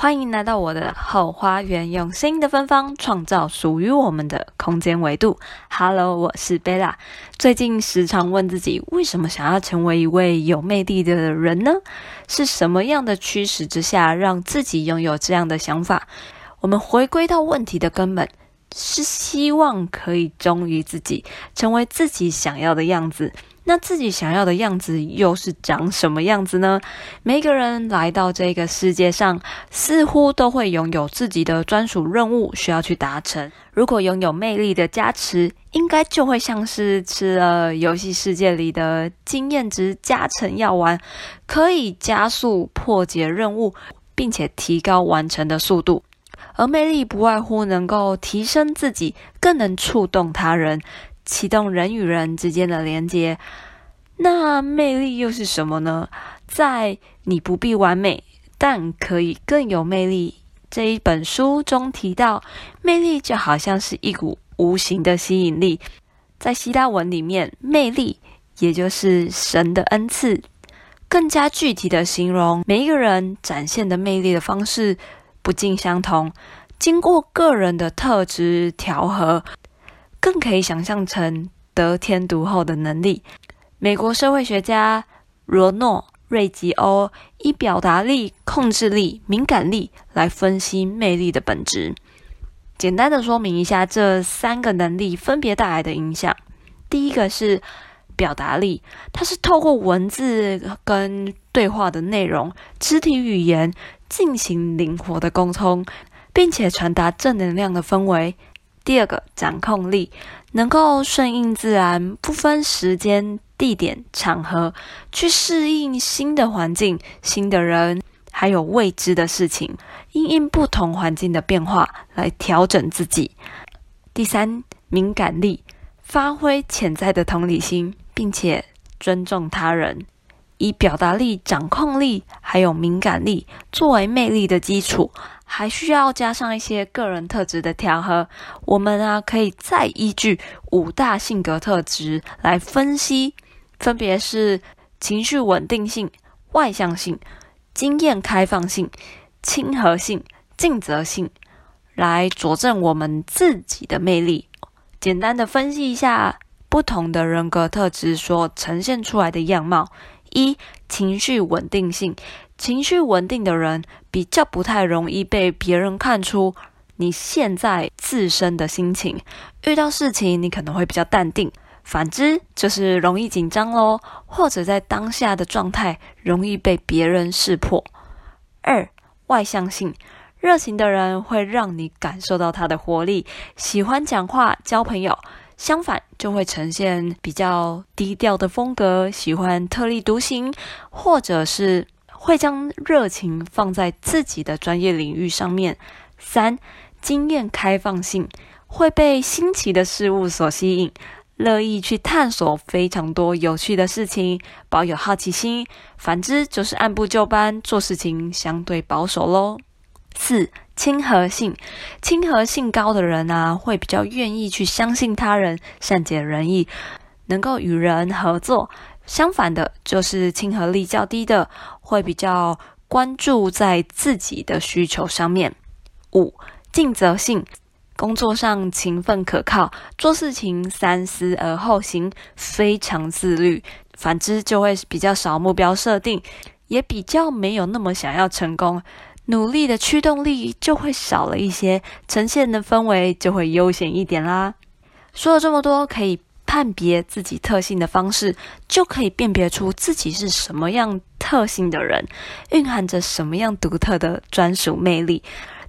歡迎來到我的 Hoo 花園，用聲音的芬芳創造屬於我們的空間維度。Hello，我是 Bella。最近時常問自己，為什麼想要成為一位有魅力的人呢？是什麼樣的驅使之下，讓自己擁有這樣的想法？我們回歸到問題的根本，是希望可以忠於自己，成為自己想要的樣子。那自己想要的樣子又是長什麼樣子呢？每個人來到這個世界上，似乎都會擁有自己的專屬任務需要去達成。如果擁有魅力的加持，應該就會像是吃了遊戲世界裡的經驗值加成藥丸，可以加速破解任務，並且提高完成的速度。而魅力不外乎能夠提升自己，更能觸動他人。啟動人與人之間的連接，那魅力又是什麼呢？在《你不必完美，但可以更有魅力》這一本書中提到，魅力就好像是一股無形的吸引力。在希臘文裡面，魅力也就是神的恩賜。更加具體的形容，每一個人展現的魅力的方式不盡相同，經過個人的特質調和。更可以想象成得天獨厚的能力。美國社會學家羅諾瑞吉歐以表達力、控制力、敏感力來分析魅力的本質。簡單的說明一下這三個能力分別帶來的影響。第一個是表達力，它是透過文字跟對話的內容、肢體語言進行靈活的溝通，並且傳達正能量的氛圍。第二個掌控力，能夠順應自然，不分時間、地點、場合，去適應新的環境、新的人，還有未知的事情，因應不同環境的變化來調整自己。第三，敏感力，發揮潛在的同理心，並且尊重他人，以表達力、掌控力還有敏感力作為魅力的基礎，還需要加上一些個人特質的調和。我們啊，可以再依據五大性格特質來分析，分別是情緒穩定性、外向性、經驗開放性、親和性、盡責性，來佐證我們自己的魅力。簡單的分析一下不同的人格特質所呈現出來的樣貌。一、情緒穩定性。情緒穩定的人比較不太容易被別人看出你現在自身的心情。遇到事情，你可能會比較淡定，反之就是容易緊張嘍，或者在當下的狀態容易被別人識破。二、外向性。熱情的人會讓你感受到他的活力，喜歡講話交朋友；相反，就會呈現比較低調的風格，喜歡特立獨行，或者是。會將熱情放在自己的專業領域上面。三，經驗開放性，會被新奇的事物所吸引，樂意去探索非常多有趣的事情，保有好奇心。反之就是按部就班做事情，相對保守咯。四，親和性，親和性高的人啊，會比較願意去相信他人，善解人意，能夠與人合作。相反的，就是親和力較低的，會比較關注在自己的需求上面。五，盡責性，工作上勤奮可靠，做事情三思而後行，非常自律。反之就會比較少目標設定，也比較沒有那麼想要成功，努力的驅動力就會少了一些，呈現的氛圍就會悠閒一點啦。說了這麼多，可以。判別自己特性的方式，就可以辨別出自己是什麼樣特性的人，蘊含着什麼樣獨特的專屬魅力。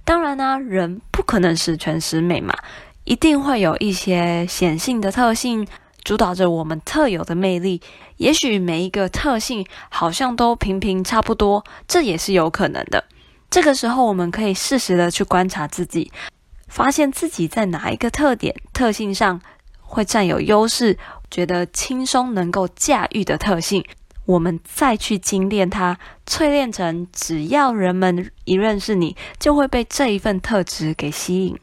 當然啦、啊，人不可能十全十美嘛，一定會有一些顯性的特性主導着我們特有的魅力。也許每一個特性好像都平平差不多，這也是有可能的。這個時候，我們可以適時的去觀察自己，發現自己在哪一個特點特性上。會占有優勢，覺得輕鬆能夠駕馭的特性，我們再去精煉它，淬煉成只要人們一認識你，就會被這一份特質給吸引。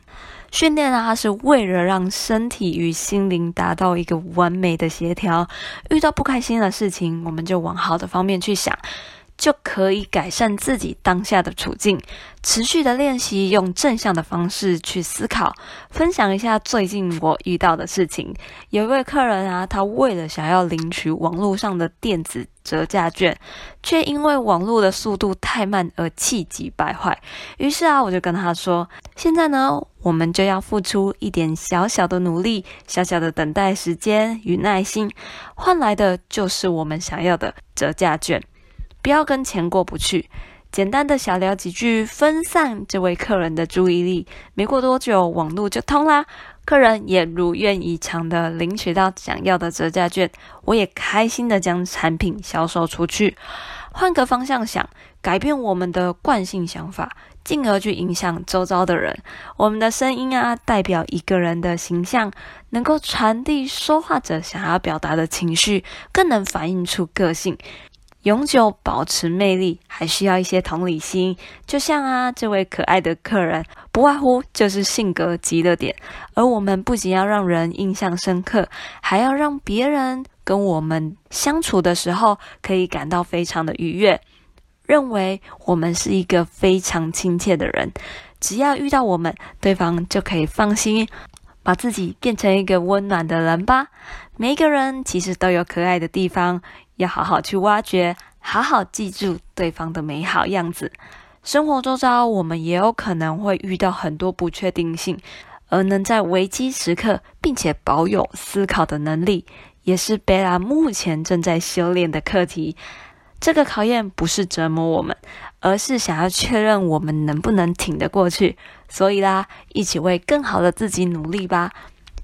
訓練呢、啊，它是為了讓身體與心靈達到一個完美的協調。遇到不開心的事情，我們就往好的方面去想，就可以改善自己當下的處境，持續的練習用正向的方式去思考，分享一下最近我遇到的事情。有一位客人啊，他為了想要領取網絡上的電子折價券，卻因為網絡的速度太慢而氣急敗壞。於是啊，我就跟他說：“現在呢，我們就要付出一點小小的努力，小小的等待時間與耐心，換來的就是我們想要的折價券。”不要跟錢過不去，簡單的小聊幾句，分散這位客人的注意力。沒過多久，網路就通啦，客人也如願以償的領取到想要的折價券，我也開心的將產品銷售出去。換個方向想，改變我們的慣性想法，進而去影響周遭的人。我們的聲音啊，代表一個人的形象，能夠傳遞說話者想要表達的情緒，更能反映出個性。永久保持魅力，還需要一些同理心。就像啊，這位可愛的客人，不外乎就是性格急了點。而我們不僅要讓人印象深刻，還要讓別人跟我們相處的時候可以感到非常的愉悅，認為我們是一個非常親切的人。只要遇到我們，對方就可以放心，把自己變成一個溫暖的人吧。每一個人其實都有可愛的地方。要好好去挖掘，好好記住對方的美好樣子。生活周遭，我們也有可能會遇到很多不確定性，而能在危機時刻，並且保有思考的能力，也是貝拉目前正在修煉的課題。這個考驗不是折磨我們，而是想要確認我們能不能挺得過去。所以啦，一起為更好的自己努力吧。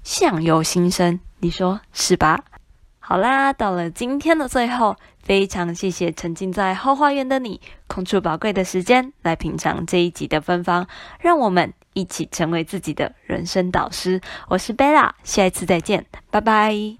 相由心生，你說是吧？好啦，到了今天的最後，非常謝謝沉浸在後花園的你，空出寶貴的時間來品嘗這一集的芬芳，讓我們一起成為自己的人生導師。我是 Bella，下次再見，拜拜。